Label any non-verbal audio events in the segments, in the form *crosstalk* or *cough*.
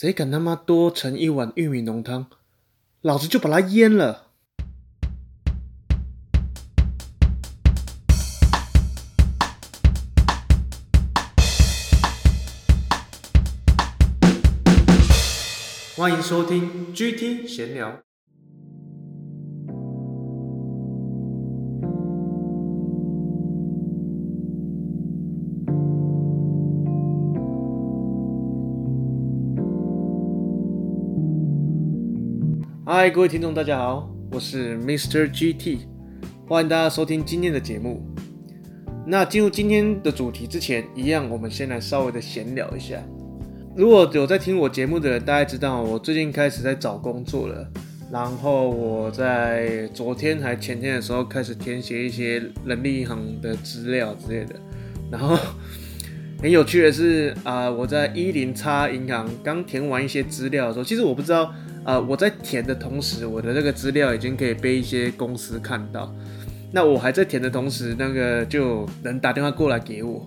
誰敢他媽多盛一碗玉米濃湯，老子就把它淹了！歡迎收聽 GT 閒聊。嗨，各位聽眾，大家好，我是 Mr. GT，歡迎大家收聽今天的節目。那進入今天的主題之前，一樣我們先來稍微的閒聊一下。如果有在聽我節目的，大家知道我最近開始在找工作了。然後我在昨天還前天的時候開始填寫一些人力銀行的資料之類的。然後。很有趣的是啊、呃，我在一零叉銀行剛填完一些資料的時候，其實我不知道啊、呃，我在填的同時，我的這個資料已經可以被一些公司看到。那我還在填的同時，那個就有人打電話過來給我。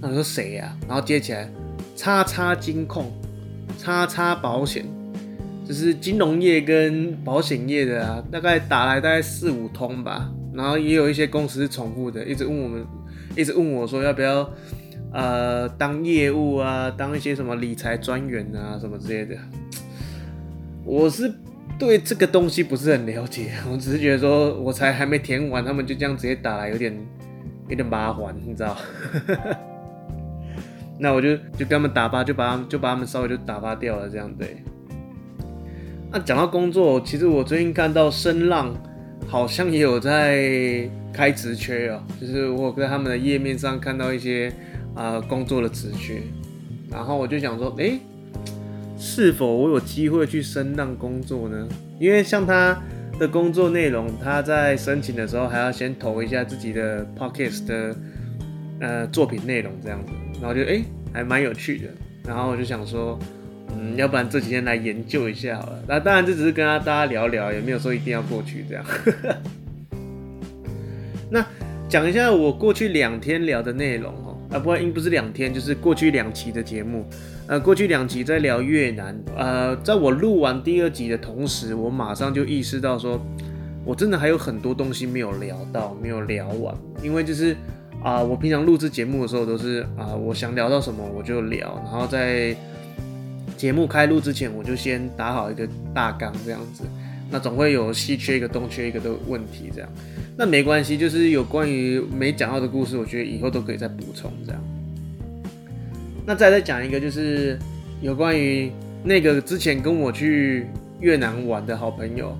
那我說誰呀、啊？然後接起來，叉叉金控、叉叉保險，就是金融業跟保險業的啊，大概打來大概四五通吧。然後也有一些公司是重複的，一直問我們，一直問我說要不要。呃，當業務啊，當一些什麼理財專員啊，什麼之類的。我是對這個東西不是很了解，我只是覺得說，我才還沒填完，他們就這樣直接打來有，有點有點麻煩，你知道？ *laughs* 那我就就跟他們打發，就把他們就把他們稍微就打發掉了這樣，對。那、啊、講到工作，其實我最近看到聲浪好像也有在開職缺哦、喔，就是我在他們的頁面上看到一些。啊、呃，工作的職缺，然後我就想說，誒、欸，是否我有機會去聲浪工作呢？因為像他的工作內容，他在申請的時候還要先投一下自己的 podcast 的呃作品內容這樣子，然後就誒、欸，還蠻有趣的。然後我就想說，嗯，要不然這幾天來研究一下好了。那、啊、當然這只是跟他大家聊聊，也沒有說一定要過去這樣。 *laughs* 那講一下我過去兩天聊的內容。啊，不過因不是兩天，就是過去兩期的節目。呃，過去兩期在聊越南。呃，在我錄完第二集的同時，我馬上就意識到說，我真的還有很多東西沒有聊到，沒有聊完。因為就是啊、呃，我平常錄制節目的時候都是啊、呃，我想聊到什麼我就聊，然後在節目開錄之前，我就先打好一個大綱這樣子。那總會有西缺一個東缺一個的問題，這樣，那沒關係，就是有關於沒講到的故事，我覺得以後都可以再補充這樣。那再來再講一個，就是有關於那個之前跟我去越南玩的好朋友，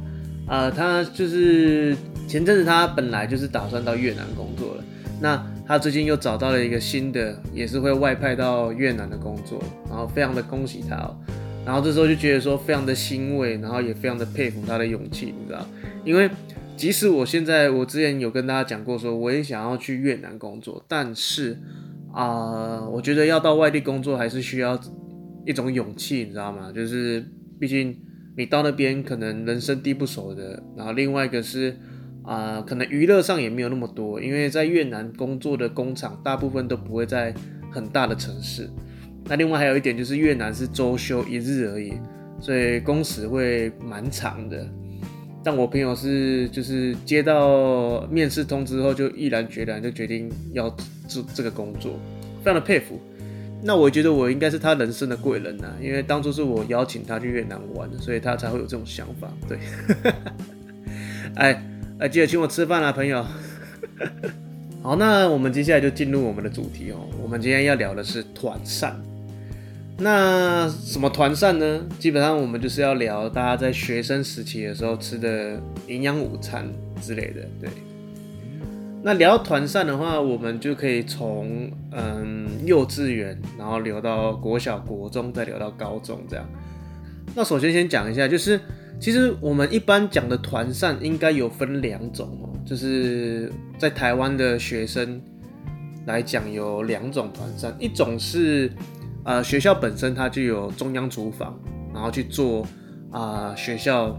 呃，他就是前陣子他本來就是打算到越南工作了，那他最近又找到了一個新的，也是會外派到越南的工作，然後非常的恭喜他哦。然後這時候就覺得說非常的欣慰，然後也非常的佩服他的勇氣，你知道？因為即使我現在我之前有跟大家講過說，說我也想要去越南工作，但是啊、呃，我覺得要到外地工作還是需要一種勇氣，你知道嗎？就是畢竟你到那邊可能人生地不熟的，然後另外一個是啊、呃，可能娛樂上也沒有那麼多，因為在越南工作的工廠大部分都不會在很大的城市。那另外還有一點就是越南是週休一日而已，所以工時會蠻長的。但我朋友是就是接到面試通知後就毅然決然就決定要做這個工作，非常的佩服。那我覺得我應該是他人生的貴人吶、啊，因為當初是我邀請他去越南玩，所以他才會有這種想法。對，哎 *laughs* 哎，記得請我吃飯啊，朋友。 *laughs* 好，那我們接下來就進入我們的主題哦、喔。我們今天要聊的是團膳。那什麼團膳呢？基本上我們就是要聊大家在學生時期的時候吃的營養午餐之類的。對，那聊團膳的話，我們就可以從嗯幼稚園，然後聊到國小、國中，再聊到高中這樣。那首先先講一下，就是其實我們一般講的團膳應該有分兩種哦，就是在台灣的學生來講有兩種團膳，一種是。呃，學校本身它就有中央廚房，然後去做啊、呃、學校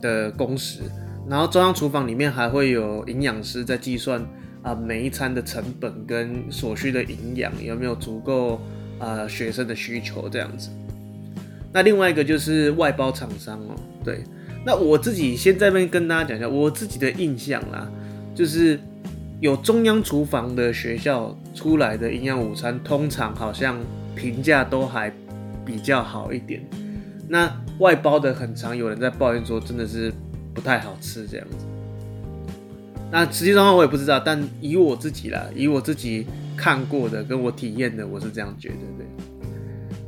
的供食。然後中央廚房裡面還會有營養師在計算啊、呃、每一餐的成本跟所需的營養有沒有足夠啊、呃、學生的需求這樣子。那另外一個就是外包廠商哦、喔，對。那我自己先在那邊跟大家講一下我自己的印象啦，就是有中央廚房的學校出來的營養午餐，通常好像評價都還比較好一點，那外包的很常有人在抱怨說真的是不太好吃這樣子。那實際狀況我也不知道，但以我自己啦，以我自己看過的跟我體驗的，我是這樣覺得的。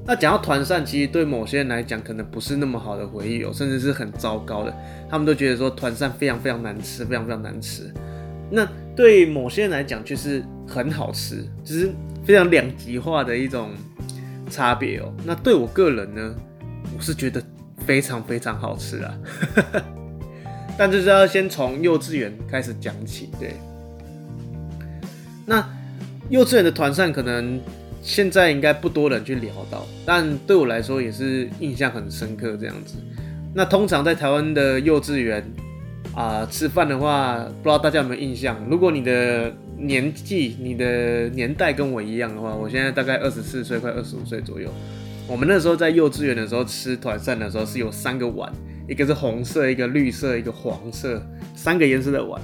那講到團膳，其實對某些人來講可能不是那麼好的回憶哦，甚至是很糟糕的。他們都覺得說團膳非常非常難吃，非常非常難吃。那對某些人來講卻是很好吃，只、就是非常兩極化的一種。差別哦，那對我個人呢，我是覺得非常非常好吃啊。 *laughs* 但就是要先從幼稚園開始講起，對。那幼稚園的團膳可能現在應該不多人去聊到，但對我來說也是印象很深刻這樣子。那通常在台灣的幼稚園啊、呃，吃飯的話，不知道大家有沒有印象？如果你的年紀，你的年代跟我一樣的話，我現在大概二十四歲，快二十五歲左右。我們那時候在幼稚園的時候吃團膳的時候，時候是有三個碗，一個是紅色，一個綠色，一個黃色，三個顏色的碗。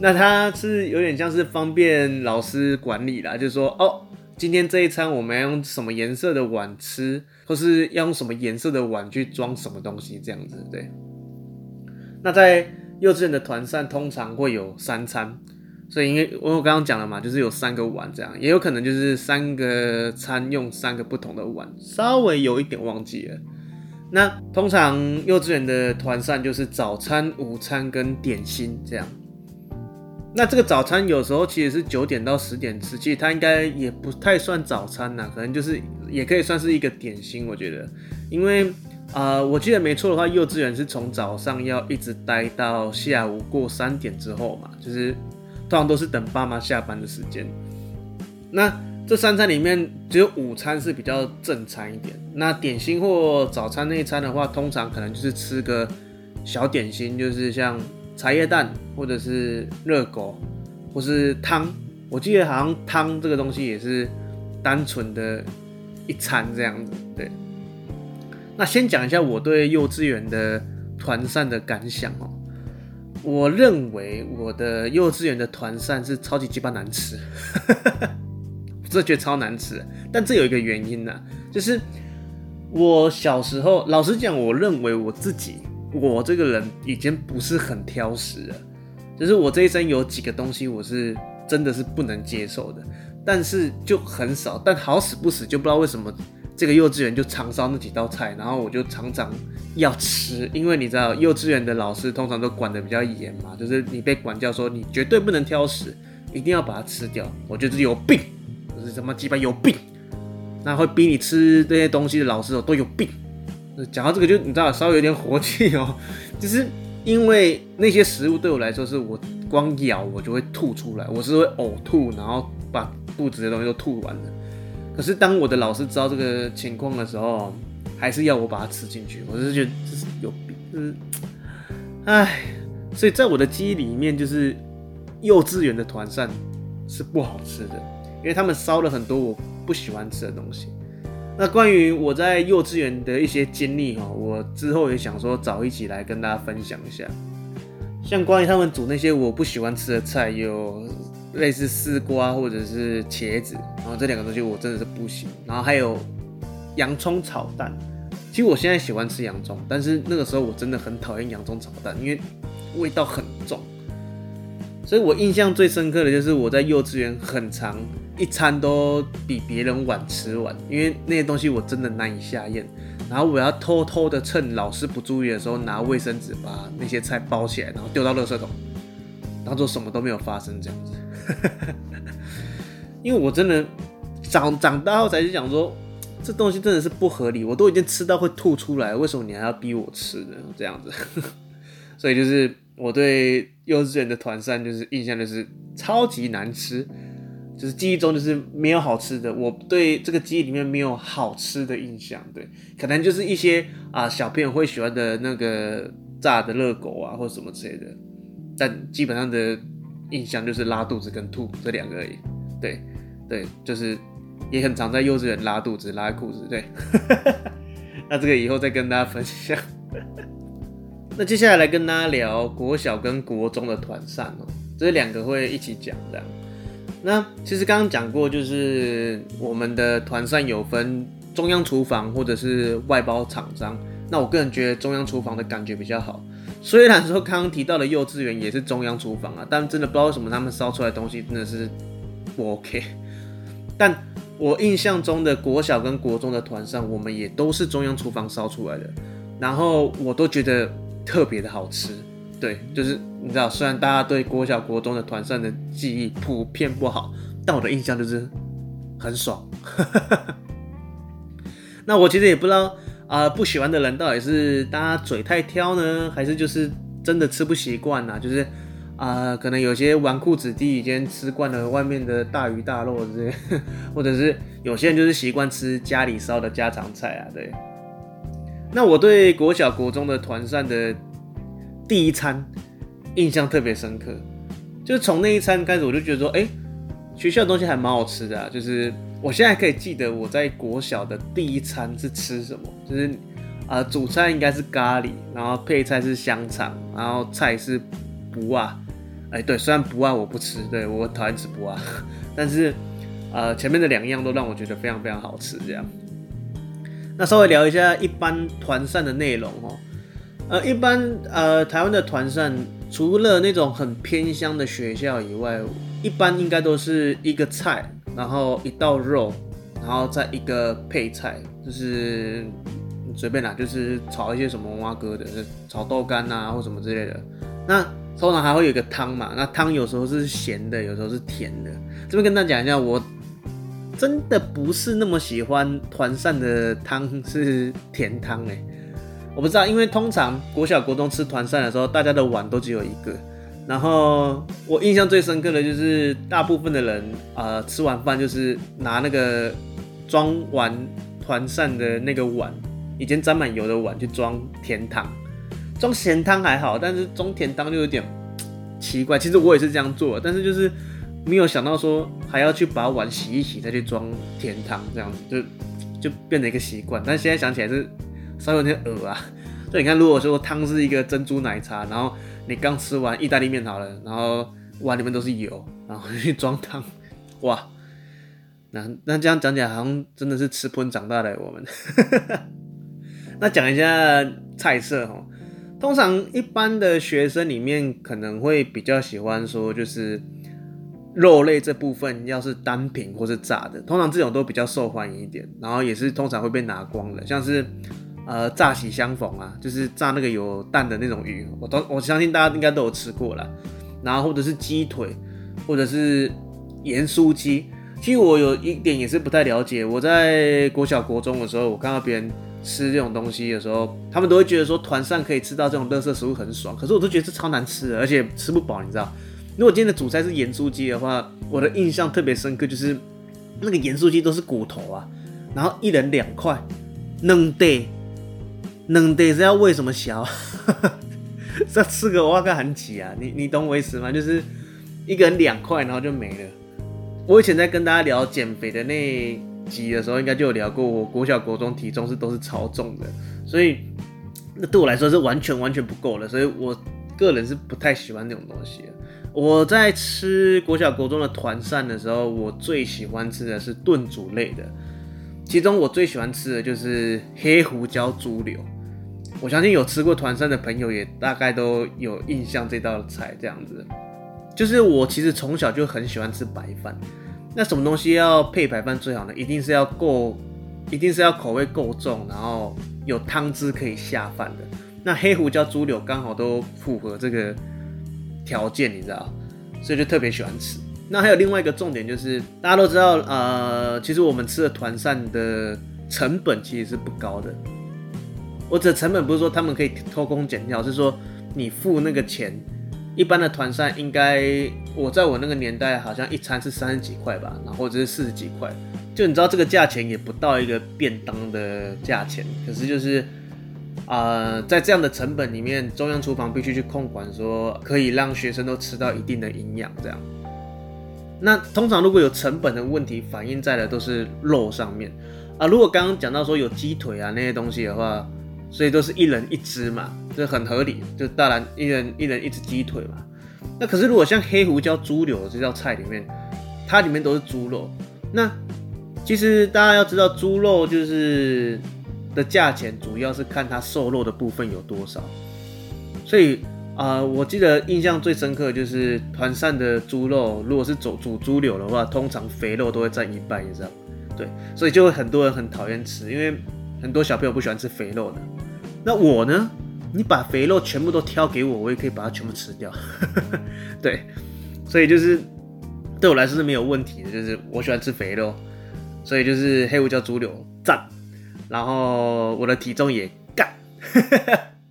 那它是有點像是方便老師管理啦，就是說，哦，今天這一餐我們要用什麼顏色的碗吃，或是要用什麼顏色的碗去裝什麼東西這樣子，對。那在幼稚園的團膳通常會有三餐。所以，因為我剛剛講了嘛，就是有三個碗，這樣也有可能就是三個餐用三個不同的碗，稍微有一點忘記了。那通常幼稚園的團膳就是早餐、午餐跟點心這樣。那這個早餐有時候其實是九點到十點吃，其實它應該也不太算早餐呢，可能就是也可以算是一個點心，我覺得。因為啊，呃，我記得沒錯的話，幼稚園是從早上要一直待到下午過三點之後嘛，就是。通常都是等爸媽下班的時間，那這三餐裡面只有午餐是比較正餐一點，那點心或早餐那一餐的話，通常可能就是吃個小點心，就是像茶葉蛋或者是熱狗，或是湯。我記得好像湯這個東西也是單純的一餐這樣子。對，那先講一下我對幼稚園的團膳的感想哦。我認為我的幼稚園的團膳是超級雞巴難吃， *laughs* 我這覺得超難吃。但這有一個原因呢、啊，就是我小時候，老實講，我認為我自己，我這個人已經不是很挑食了。就是我這一生有幾個東西，我是真的是不能接受的，但是就很少。但好死不死，就不知道為什麼。這個幼稚園就常燒那幾道菜，然後我就常常要吃，因為你知道幼稚園的老師通常都管的比較嚴嘛，就是你被管教說你絕對不能挑食，一定要把它吃掉。我覺得是有病，就是什麼雞巴有病，那會逼你吃這些東西的老師都有病。講到這個就你知道，稍微有點火氣哦。就是因為那些食物對我來說，是我光咬我就會吐出來，我是會嘔吐，然後把肚子的東西都吐完了。可是當我的老師知道這個情況的時候，還是要我把它吃進去。我是覺得這是有病，就是哎。所以在我的記憶裡面，就是幼稚園的團膳是不好吃的，因為他們燒了很多我不喜歡吃的東西。那關於我在幼稚園的一些經歷哈，我之後也想說早一起來跟大家分享一下。像關於他們煮那些我不喜歡吃的菜，有。類似絲瓜或者是茄子，然後這兩個東西我真的是不行。然後還有洋蔥炒蛋，其實我現在喜歡吃洋蔥，但是那個時候我真的很討厭洋蔥炒蛋，因為味道很重。所以我印象最深刻的就是我在幼稚園很常一餐都比別人晚吃完，因為那些東西我真的難以下嚥。然後我要偷偷的趁老師不注意的時候拿衛生紙把那些菜包起來，然後丟到垃圾桶。當作什麼都沒有發生這樣子， *laughs* 因為我真的長長大後才去想說，這東西真的是不合理，我都已經吃到會吐出來，為什麼你還要逼我吃呢？這樣子， *laughs* 所以就是我對幼稚園的團膳就是印象就是超級難吃，就是記憶中就是沒有好吃的，我對這個記憶裡面沒有好吃的印象，對，可能就是一些啊、呃、小朋友會喜歡的那個炸的熱狗啊，或什麼之類的。但基本上的印象就是拉肚子跟吐這兩個而已。對，對，就是也很常在幼稚園拉肚子、拉褲子。對， *laughs* 那這個以後再跟大家分享。 *laughs* 那接下來來跟大家聊國小跟國中的團膳哦，這兩個會一起講這樣。那其實剛剛講過，就是我們的團膳有分中央廚房或者是外包廠商。那我個人覺得中央廚房的感覺比較好。雖然說剛剛提到的幼稚園也是中央廚房啊，但真的不知道為什麼他們燒出來的東西真的是不 OK。但我印象中的國小跟國中的團膳，我們也都是中央廚房燒出來的，然後我都覺得特別的好吃。對，就是你知道，雖然大家對國小國中的團膳的記憶普遍不好，但我的印象就是很爽。 *laughs* 那我其實也不知道。啊、呃，不喜歡的人到底是大家嘴太挑呢，還是就是真的吃不習慣呢、啊、就是啊、呃，可能有些紈絝子弟已經吃慣了外面的大魚大肉這些，或者是有些人就是習慣吃家裡燒的家常菜啊。對，那我對國小國中的團膳的第一餐印象特別深刻，就是從那一餐開始，我就覺得說，哎，學校的東西還蠻好吃的、啊，就是。我現在可以記得我在國小的第一餐是吃什麼，就是，啊、呃，主菜應該是咖喱，然後配菜是香腸，然後菜是，不啊，哎，對，雖然不啊我不吃，對我討厭吃不啊，但是、呃，前面的兩樣都讓我覺得非常非常好吃。這樣，那稍微聊一下一般團膳的內容哦、呃，一般呃台灣的團膳除了那種很偏鄉的學校以外，一般應該都是一個菜。然後一道肉，然後再一個配菜，就是你隨便拿，就是炒一些什麼蛙哥的，就是、炒豆干啊或什麼之類的。那通常還會有一個湯嘛，那湯有時候是鹹的，有時候是甜的。這邊跟大家講一下，我真的不是那麼喜歡團膳的湯是甜湯哎，我不知道，因為通常國小國中吃團膳的時候，大家的碗都只有一個。然後我印象最深刻的就是大部分的人啊、呃，吃完飯就是拿那個裝完團膳的那個碗，以前沾滿油的碗去裝甜湯，裝鹹湯還好，但是裝甜湯就有點奇怪。其實我也是這樣做，但是就是沒有想到說還要去把碗洗一洗再去裝甜湯，這樣子就就變成一個習慣。但現在想起來是稍微有點惡啊。所以你看，如果說湯是一個珍珠奶茶，然後。你剛吃完意大利麵好了，然後碗裡面都是油，然後去裝湯，哇！那那這樣講起來，好像真的是吃噴長大的我們。 *laughs* 那講一下菜色哦，通常一般的學生裡面可能會比較喜歡說，就是肉類這部分，要是單品或是炸的，通常這種都比較受歡迎一點，然後也是通常會被拿光的，像是。呃，炸喜相逢啊，就是炸那個有蛋的那種魚，我都我相信大家應該都有吃過啦，然後或者是雞腿，或者是鹽酥雞。其實我有一點也是不太了解。我在國小國中的時候，我看到別人吃這種東西的時候，他們都會覺得說團膳可以吃到這種垃圾食物很爽。可是我都覺得這超難吃的，而且吃不飽，你知道？如果今天的主菜是鹽酥雞的話，我的印象特別深刻，就是那個鹽酥雞都是骨頭啊，然後一人兩塊，嫩得。能得是要為什麼蝦？這 *laughs* 吃個我靠很擠啊！你你懂我意思嗎？就是一個人兩塊，然後就沒了。我以前在跟大家聊減肥的那集的時候，應該就有聊過，我國小國中體重是都是超重的，所以那對我來說是完全完全不夠的，所以我個人是不太喜歡這種東西。我在吃國小國中的團膳的時候，我最喜歡吃的是燉煮類的，其中我最喜歡吃的就是黑胡椒豬柳。我相信有吃過團膳的朋友，也大概都有印象這道菜這樣子。就是我其實從小就很喜歡吃白飯，那什麼東西要配白飯最好呢？一定是要夠，一定是要口味夠重，然後有湯汁可以下飯的。那黑胡椒豬柳剛好都符合這個條件，你知道？所以就特別喜歡吃。那還有另外一個重點就是，大家都知道呃，其實我們吃的團膳的成本其實是不高的。我指的成本不是說他們可以偷工減料，是說你付那個錢，一般的團膳應該，我在我那個年代好像一餐是三十幾塊吧，然後或者是四十幾塊，就你知道這個價錢也不到一個便當的價錢，可是就是啊、呃，在這樣的成本裡面，中央廚房必須去控管，說可以讓學生都吃到一定的營養，這樣。那通常如果有成本的問題反映在的都是肉上面啊、呃，如果剛剛講到說有雞腿啊那些東西的話。所以都是一人一隻嘛，這很合理，就當然一人一人一隻雞腿嘛。那可是如果像黑胡椒豬柳的這道菜裡面，它裡面都是豬肉，那其實大家要知道，豬肉就是的價錢主要是看它瘦肉的部分有多少。所以啊、呃，我記得印象最深刻就是團膳的豬肉，如果是走煮煮豬柳的話，通常肥肉都會佔一半以上。對，所以就會很多人很討厭吃，因為。很多小朋友不喜歡吃肥肉的，那我呢？你把肥肉全部都挑給我，我也可以把它全部吃掉。 *laughs* 對，所以就是對我來說是沒有問題的，就是我喜歡吃肥肉，所以就是黑胡椒豬柳讚，然後我的體重也乾，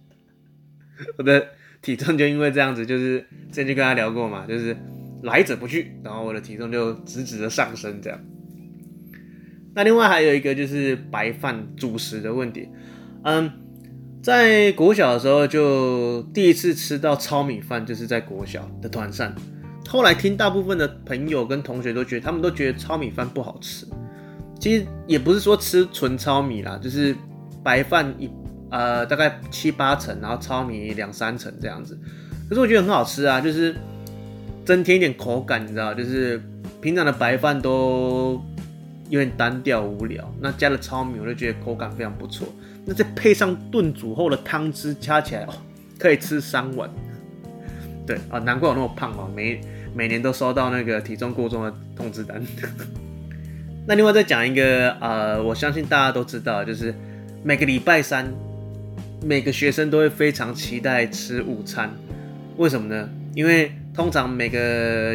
*laughs* 我的體重就因為這樣子，就是之前就跟他聊過嘛，就是來者不拒，然後我的體重就直直的上升這樣。那另外還有一個就是白飯主食的問題，嗯，在國小的時候就第一次吃到糙米飯，就是在國小的團膳。後來聽大部分的朋友跟同學都覺得他們都覺得糙米飯不好吃，其實也不是說吃純糙米啦，就是白飯一呃，大概七八成，然後糙米兩三成這樣子。可是我覺得很好吃啊，就是增添一點口感，你知道，就是平常的白飯都。有點單調無聊，那加了糙米，我就覺得口感非常不錯。那再配上燉煮後的湯汁，加起來、哦、可以吃三碗。對啊，難怪我那麼胖啊！每每年都收到那個體重過重的通知單。 *laughs* 那另外再講一個，呃，我相信大家都知道，就是每個禮拜三，每個學生都會非常期待吃午餐。為什麼呢？因為通常每個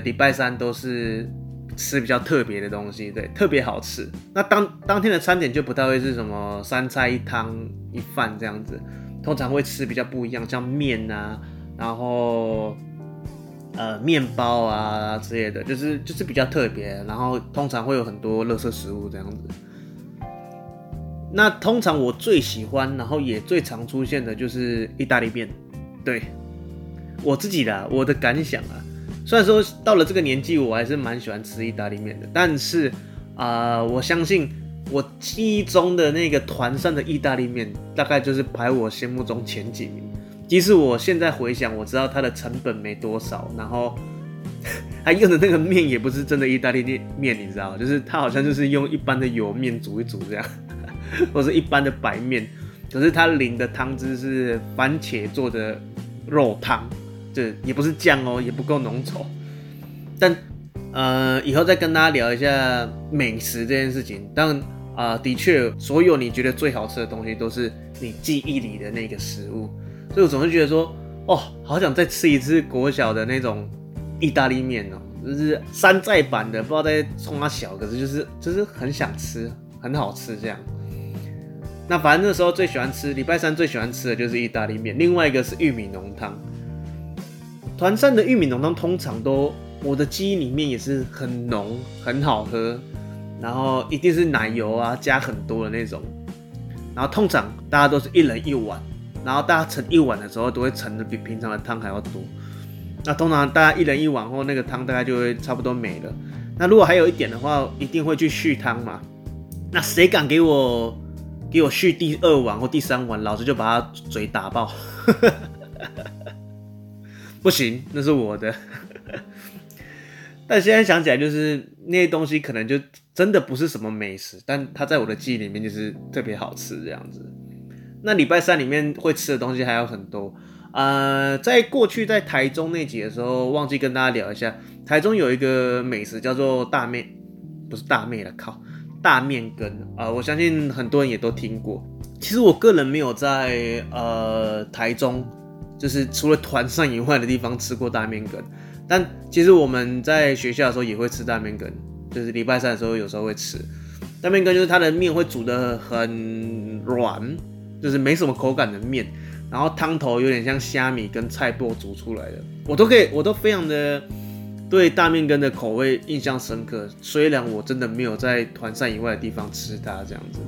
禮拜三都是。吃比較特別的東西，對，特別好吃。那當當天的餐點就不太會是什麼三菜一湯一飯這樣子，通常會吃比較不一樣，像面啊，然後呃麵包啊之類的，就是就是比較特別。然後通常會有很多垃圾食物這樣子。那通常我最喜歡，然後也最常出現的就是意大利麵。對，我自己的，我的感想啊。雖然說到了這個年紀，我還是蠻喜歡吃意大利麵的，但是啊、呃，我相信我記憶中的那個團膳的意大利麵，大概就是排我心目中前幾名。即使我現在回想，我知道它的成本沒多少，然後他用的那個麵也不是真的意大利麵，你知道嗎？就是他好像就是用一般的油麵煮一煮這樣，或者一般的白麵，可是他淋的湯汁是番茄做的肉湯。這也不是醬哦，也不夠濃稠。但，呃，以後再跟大家聊一下美食這件事情。當然啊、呃，的確，所有你覺得最好吃的東西，都是你記憶裡的那個食物。所以我總是覺得說，哦，好想再吃一次國小的那種意大利麵哦，就是山寨版的，不知道在沖它小，可是就是就是很想吃，很好吃這樣。那反正那時候最喜歡吃，禮拜三最喜歡吃的就是意大利麵，另外一個是玉米濃湯。團膳的玉米濃湯通常都，我的記憶裡面也是很濃、很好喝，然後一定是奶油啊，加很多的那種。然後通常大家都是一人一碗，然後大家盛一碗的時候都會盛的比平常的湯還要多。那通常大家一人一碗後，那個湯大概就會差不多沒了。那如果還有一點的話，一定會去續湯嘛。那誰敢給我給我續第二碗或第三碗，老子就把他嘴打爆。 *laughs* 不行，那是我的。 *laughs* 但現在想起來，就是那些東西可能就真的不是什麼美食，但它在我的記憶裡面就是特別好吃這樣子。那禮拜三裡面會吃的東西還有很多啊、呃，在過去在台中那集的時候，忘記跟大家聊一下。台中有一個美食叫做大麵，不是大麵了，靠，大麵羹啊！我相信很多人也都聽過。其實我個人沒有在呃台中。就是除了團膳以外的地方吃過大麵羹，但其實我們在學校的時候也會吃大麵羹，就是禮拜三的時候有時候會吃。大麵羹就是它的麵會煮得很軟，就是沒什麼口感的麵，然後湯頭有點像蝦米跟菜脯煮出來的。我都可以，我都非常的對大麵羹的口味印象深刻，雖然我真的沒有在團膳以外的地方吃它這樣子。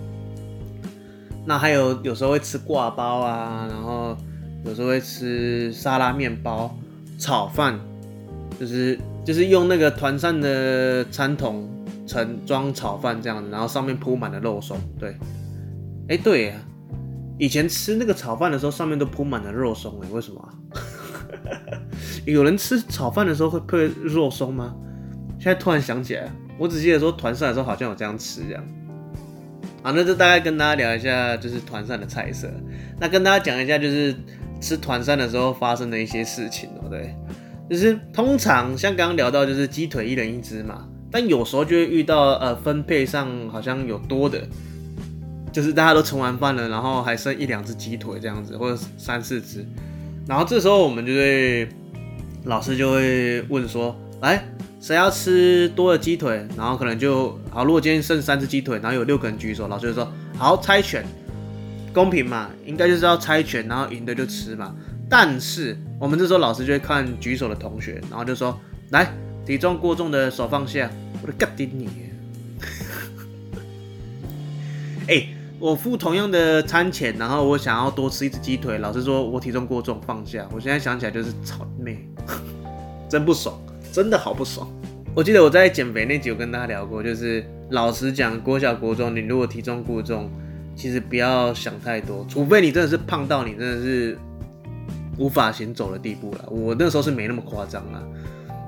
那還有有時候會吃刈包啊，然後。有時候會吃沙拉麵包、炒飯，就是就是用那個團膳的餐桶盛裝炒飯這樣子，然後上面鋪滿了肉鬆。對，哎、欸、對呀、啊，以前吃那個炒飯的時候，上面都鋪滿了肉鬆哎、欸，為什麼啊？ *laughs* 有人吃炒飯的時候會配肉鬆嗎？現在突然想起來，我只記得說團膳的時候好像有這樣吃這樣。好，那就大概跟大家聊一下，就是團膳的菜色。那跟大家講一下，就是。吃團膳的時候發生的一些事情，對不對？就是通常像剛剛聊到，就是雞腿一人一隻嘛，但有時候就會遇到呃，分配上好像有多的，就是大家都盛完飯了，然後還剩一兩隻雞腿這樣子，或者三四隻，然後這時候我們就會老師就會問說，哎、欸，誰要吃多的雞腿？然後可能就好，如果今天剩三隻雞腿，然後有六個人舉手，老師就說好，猜拳。公平嘛，應該就是要猜拳，然後贏的就吃嘛。但是我們這時候老師就會看舉手的同學，然後就說：“來，體重過重的手放下。我你 *laughs* 欸”我的個頂你！我付同樣的餐錢，然後我想要多吃一隻雞腿，老師說我體重過重，放下。我現在想起來就是草妹， *laughs* 真不爽，真的好不爽。我記得我在減肥那集有跟大家聊過，就是老實講，國小國中，你如果體重過重，其實不要想太多，除非你真的是胖到你真的是無法行走的地步了。我那時候是沒那麼誇張啊，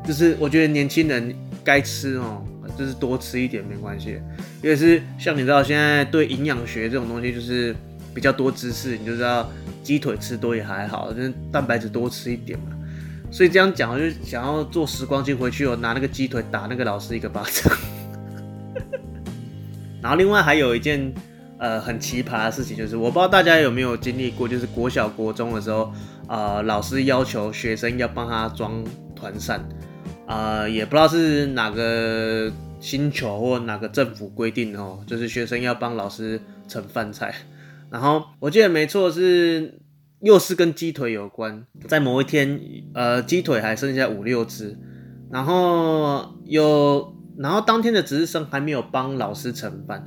就是我覺得年輕人該吃哦，就是多吃一點沒關係。因為是像你知道現在對營養學這種東西就是比較多知識，你就知道雞腿吃多也還好，就是蛋白質多吃一點嘛。所以這樣講，我就想要坐時光機回去，我拿那個雞腿打那個老師一個巴掌。 *laughs* 然後另外還有一件。呃，很奇葩的事情就是，我不知道大家有沒有經歷過，就是國小國中的時候，啊、呃，老師要求學生要幫他裝團膳，啊、呃，也不知道是哪個星球或哪個政府規定哦，就是學生要幫老師盛飯菜。然後我記得沒錯是又是跟雞腿有關，在某一天，呃，雞腿還剩下五六隻，然後有，然後當天的值日生還沒有幫老師盛飯。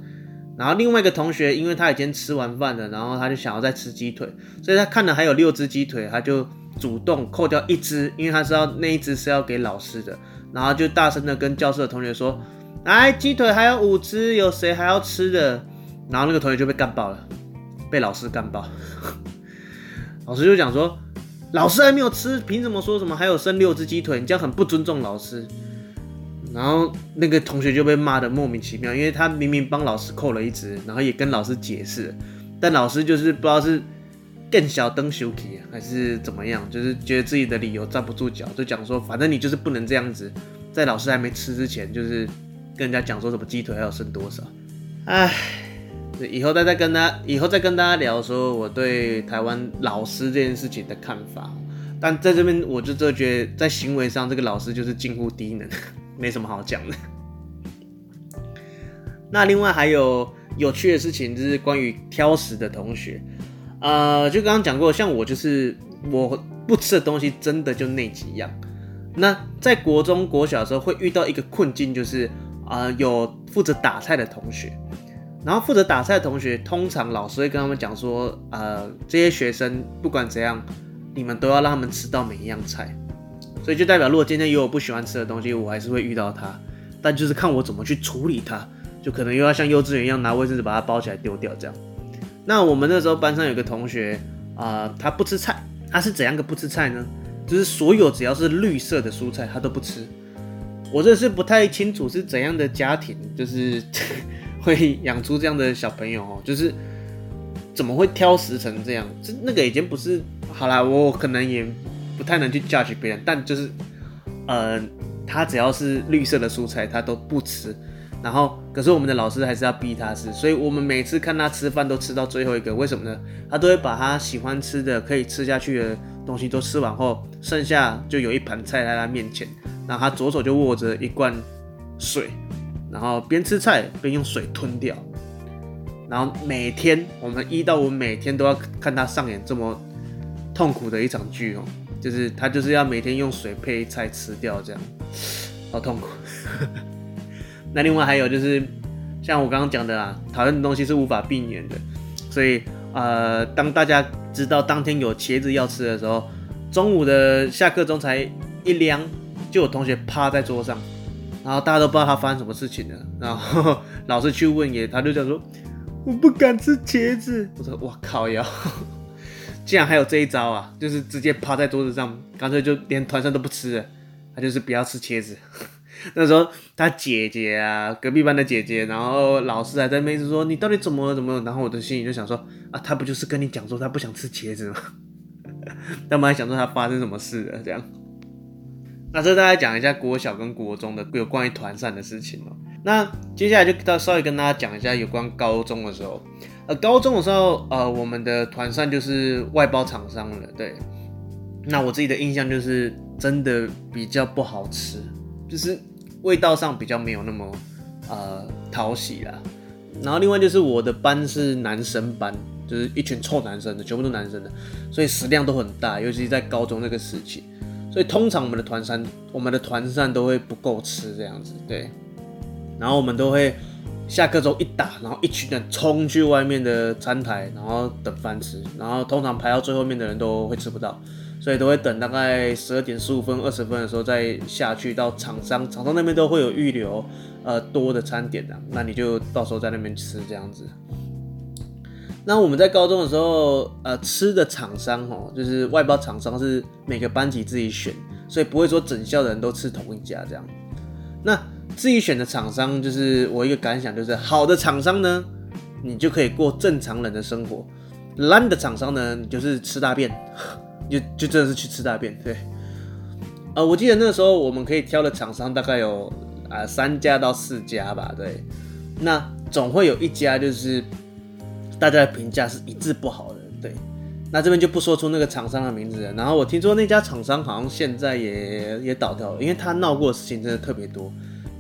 然後另外一個同學，因為他已經吃完飯了，然後他就想要再吃雞腿，所以他看了還有六隻雞腿，他就主動扣掉一隻，因為他知道那一隻是要給老師的，然後就大聲的跟教室的同學說：“來、哎，雞腿還有五隻，有誰還要吃的？”然後那個同學就被幹爆了，被老師幹爆。 *laughs* 老師就講說：“老師還沒有吃，憑什麼說什麼還有剩六隻雞腿？你這樣很不尊重老師。”然後那個同學就被罵得莫名其妙，因為他明明幫老師扣了一只，然後也跟老師解釋，但老師就是不知道是電小登修題還是怎麼樣，就是覺得自己的理由站不住腳，就講說反正你就是不能這樣子，在老師還沒吃之前，就是跟人家講說什麼雞腿還要剩多少，哎，以後再再跟他，以後再跟大家聊說我對台灣老師這件事情的看法，但在這邊我就這覺得在行為上這個老師就是近乎低能。沒什麼好講的。那另外還有有趣的事情，就是關於挑食的同學。呃，就剛剛講過，像我就是我不吃的東西，真的就那幾樣。那在國中、國小的時候，會遇到一個困境，就是啊、呃，有負責打菜的同學。然後負責打菜的同學，通常老師會跟他們講說，呃，這些學生不管怎樣，你們都要讓他們吃到每一樣菜。所以就代表，如果今天有我不喜歡吃的東西，我還是會遇到它，但就是看我怎麼去處理它，就可能又要像幼稚園一樣拿衛生紙把它包起來丟掉這樣。那我們那時候班上有個同學啊、呃，他不吃菜，他是怎樣個不吃菜呢？就是所有只要是綠色的蔬菜他都不吃。我這是不太清楚是怎樣的家庭，就是會養出這樣的小朋友哦，就是怎麼會挑食成這樣？這那個已經不是好啦，我可能也。不太能去 judge 別人，但就是，嗯、呃，他只要是綠色的蔬菜，他都不吃。然後，可是我們的老師還是要逼他吃，所以我們每次看他吃飯，都吃到最後一個。為什麼呢？他都會把他喜歡吃的、可以吃下去的東西都吃完後，剩下就有一盤菜在他面前，然後他左手就握着一罐水，然後邊吃菜邊用水吞掉。然後每天，我們一到五每天都要看他上演這麼痛苦的一場劇哦、喔。就是他就是要每天用水配菜吃掉，這樣好痛苦。 *laughs* 那另外還有就是，像我剛剛講的啊，討厭的東西是無法避免的。所以呃，當大家知道當天有茄子要吃的時候，中午的下課鐘才一響，就有同學趴在桌上，然後大家都不知道他發生什麼事情了。然後呵呵老師去問也，他就講說：“我不敢吃茄子。”我說：“我靠腰。竟然還有這一招啊！就是直接趴在桌子上，乾脆就連團膳都不吃了，他、啊、就是不要吃茄子。 *laughs* 那時候他姐姐啊，隔壁班的姐姐，然後老師還在妹子說：“你到底怎麼了怎麼了？”然後我的心裡就想說：“啊，他不就是跟你講說他不想吃茄子嗎？”那 *laughs* 他們還想說他發生什麼事了？這樣。那這大家講一下國小跟國中的有關於團膳的事情哦。那接下來就到稍微跟大家講一下有關高中的時候。呃，高中的時候，呃，我們的團膳就是外包廠商了。對，那我自己的印象就是真的比較不好吃，就是味道上比較沒有那麼呃討喜啦。然後另外就是我的班是男生班，就是一群臭男生的，全部都男生的，所以食量都很大，尤其是在高中那個時期。所以通常我們的團膳，我們的團膳都會不夠吃這樣子。對，然後我們都會。下課鐘，一打，然後一群人衝去外面的餐台，然後等飯吃。然後通常排到最後面的人都會吃不到，所以都會等大概十二點十五分、二十分的時候再下去到廠商。廠商那邊都會有預留，呃，多的餐點的。那你就到時候在那邊吃這樣子。那我們在高中的時候，呃，吃的廠商哦，就是外包廠商是每個班級自己選，所以不會說整校的人都吃同一家這樣。那自己選的廠商就是我一個感想，就是好的廠商呢，你就可以過正常人的生活；爛的廠商呢，你就是吃大便， *laughs* 就就真的是去吃大便。對，呃，我記得那個時候我們可以挑的廠商大概有啊、呃、三家到四家吧，對。那總會有一家就是大家的評價是一致不好的，對。那這邊就不說出那個廠商的名字了。然後我聽說那家廠商好像現在也也倒掉了，因為他鬧過的事情真的特別多。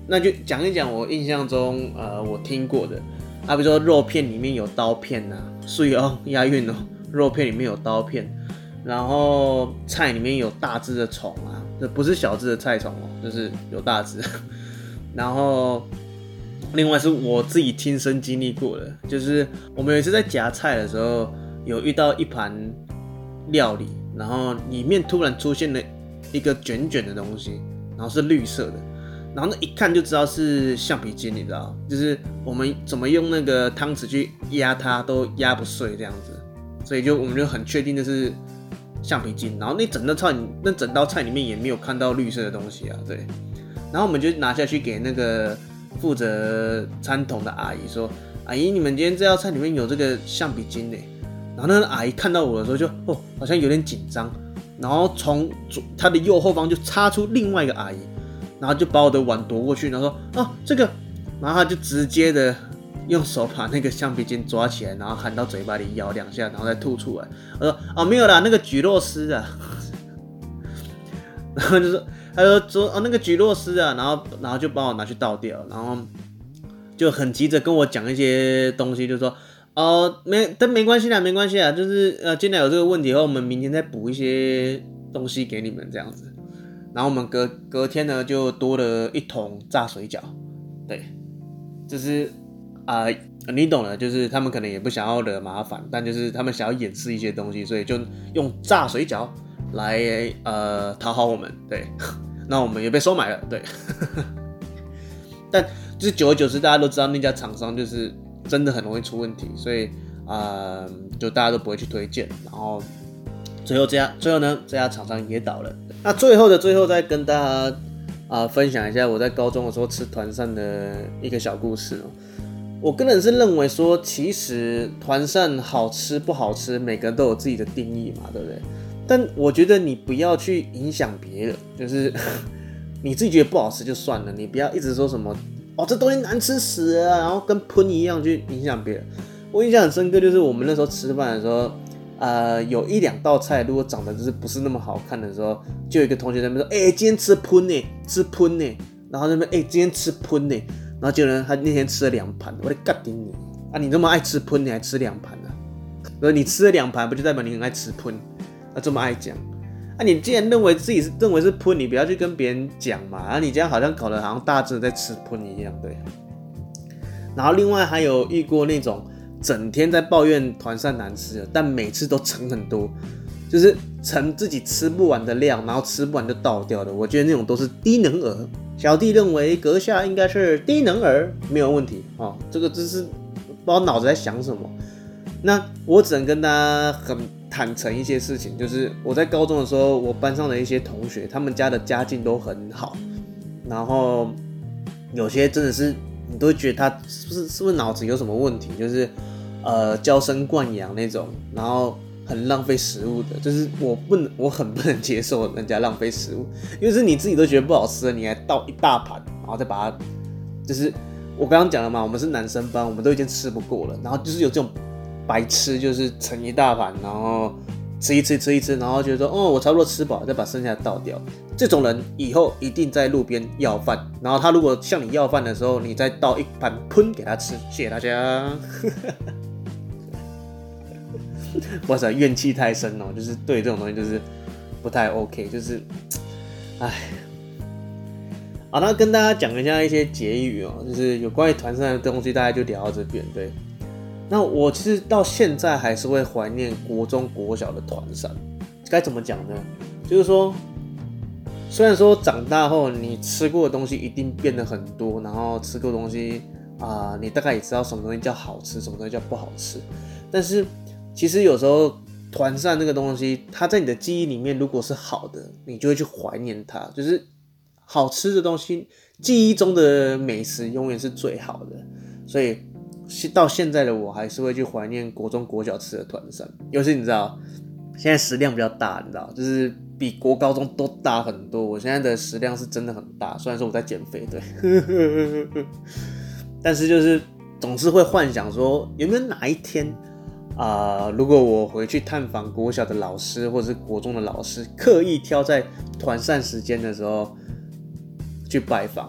那就講一講我印象中，呃，我聽過的，啊，比如說肉片裡面有刀片啊，所以哦，押韻哦。肉片裡面有刀片，然後菜裡面有大隻的蟲啊，這不是小隻的菜蟲哦，就是有大隻。然後，另外是我自己親身經歷過的，就是我們有一次在夾菜的時候，有遇到一盤料理，然後裡面突然出現了一個卷卷的東西，然後是綠色的。然後那一看就知道是橡皮筋，你知道，就是我們怎麼用那個湯匙去壓它都壓不碎這樣子，所以就我們就很確定的是橡皮筋。然後那整道菜，那整道菜裡面也沒有看到綠色的東西啊，對。然後我們就拿下去給那個負責餐桶的阿姨說：“啊、阿姨，你們今天這道菜裡面有這個橡皮筋呢。”然後那個阿姨看到我的時候就哦，好像有點緊張，然後從左她的右後方就插出另外一個阿姨。然後就把我的碗奪過去，然後說：“啊、哦，這個！”然後他就直接的用手把那個橡皮筋抓起來，然後含到嘴巴裡咬兩下，然後再吐出來。我說：“哦，沒有啦，那個橘絡絲、啊 *laughs* 哦那個、橘絡絲啊。然後就說：“他說昨，哦，那個橘絡絲啊。”然後然後就把我拿去倒掉，然後就很急着跟我講一些東西，就說：“哦，沒，但沒關係啦，沒關係啦，就是呃，今天有這個問題，然後我們明天再補一些東西給你們，這樣子。”然後我們隔隔天呢，就多了一桶炸水餃，對，就是啊、呃，你懂的，就是他們可能也不想要惹麻煩，但就是他們想要掩飾一些東西，所以就用炸水餃來呃討好我們，對， *laughs* 那我們也被收買了，對， *laughs* 但就是久而久之，大家都知道那家廠商就是真的很容易出問題，所以啊、呃，就大家都不會去推薦，然後最後這家最後呢，這家廠商也倒了。那最後的最後，再跟大家啊、呃、分享一下我在高中的時候吃團膳的一個小故事。我個人是認為說，其實團膳好吃不好吃，每個人都有自己的定義嘛，對不對？但我覺得你不要去影響別人，就是你自己覺得不好吃就算了，你不要一直說什麼哦，這東西難吃死了啊，然後跟噴一樣去影響別人。我印象很深刻，就是我們那時候吃飯的時候。呃，有一兩道菜，如果長得就是不是那麼好看的時候，就有一個同學在那邊說：“哎、欸，今天吃噴呢，吃噴呢。”然後那邊哎、欸，今天吃噴呢，然後就有人，他那天吃了兩盤，我得嘎定你啊，你這麼愛吃噴，你還吃兩盤呢？所以你吃了兩盤，不就代表你很愛吃噴？啊，這麼愛講？啊，你既然認為自己是認為是噴，你不要去跟別人講嘛。啊，你這樣好像搞得好像大致在吃噴一樣，對。然後另外還有遇過那種，整天在抱怨團膳難吃，但每次都盛很多，就是盛自己吃不完的量，然後吃不完就倒掉的。我覺得那種都是低能兒。小弟認為閣下應該是低能兒，沒有問題啊、哦。這個真、就是不知道腦子在想什麼。那我只能跟大家很坦誠一些事情，就是我在高中的時候，我班上的一些同學，他們家的家境都很好，然後有些真的是。你都會覺得他是不是是不是腦子有什麼問題？就是，呃，嬌生慣養那種，然後很浪費食物的。就是我不能，我很不能接受人家浪費食物，因為是你自己都覺得不好吃了，你還倒一大盤，然後再把它，就是我剛剛講了嘛，我們是男生班，我們都已經吃不過了，然後就是有這種白痴，就是盛一大盤，然後。吃一吃，吃一吃，然後就說：“哦，我差不多吃飽了，再把剩下的倒掉。”這種人以後一定在路邊要飯。然後他如果向你要飯的時候，你再倒一盤噴給他吃。謝謝大家。 *laughs* 哇塞，怨氣太深哦，就是對這種東西就是不太 OK，就是哎。好，那跟大家講一下一些結語哦，就是有關於團膳的東西，大概就聊到這邊，對。那我其實到現在還是會懷念國中、國小的團膳，該怎麼講呢？就是說，雖然說長大後你吃過的東西一定變得很多，然後吃過的東西啊、呃，你大概也知道什麼東西叫好吃，什麼東西叫不好吃。但是其實有時候團膳這個東西，它在你的記憶裡面，如果是好的，你就會去懷念它。就是好吃的東西，記憶中的美食永遠是最好的，所以。到現在的我還是會去懷念國中、國小吃的團膳，尤其你知道，現在食量比較大，你知道，就是比國高中都大很多。我現在的食量是真的很大，雖然說我在減肥，對， *laughs* 但是就是總是會幻想說，有沒有哪一天啊、呃，如果我回去探訪國小的老師或者是國中的老師，刻意挑在團膳時間的時候去拜訪，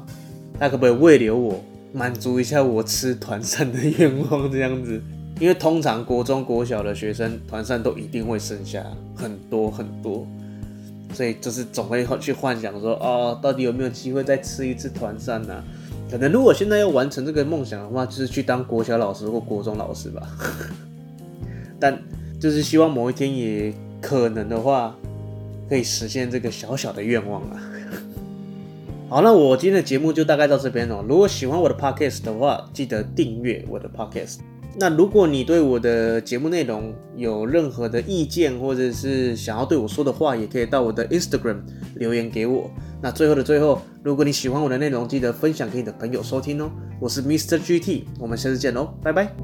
他可不可以慰留我？滿足一下我吃團膳的願望，這樣子，因為通常國中、國小的學生團膳都一定會剩下很多很多，所以就是總會去幻想說，哦，到底有沒有機會再吃一次團膳呢？可能如果現在要完成這個夢想的話，就是去當國小老師或國中老師吧。但就是希望某一天也可能的話，可以實現這個小小的願望啊。好，那我今天的節目就大概到這邊哦。如果喜歡我的 podcast 的話，記得訂閱我的 podcast。那如果你對我的節目內容有任何的意見，或者是想要對我說的話，也可以到我的 Instagram 留言給我。那最後的最後，如果你喜歡我的內容，記得分享給你的朋友收聽哦。我是 Mr. GT，我們下次見嘍，哦，拜拜。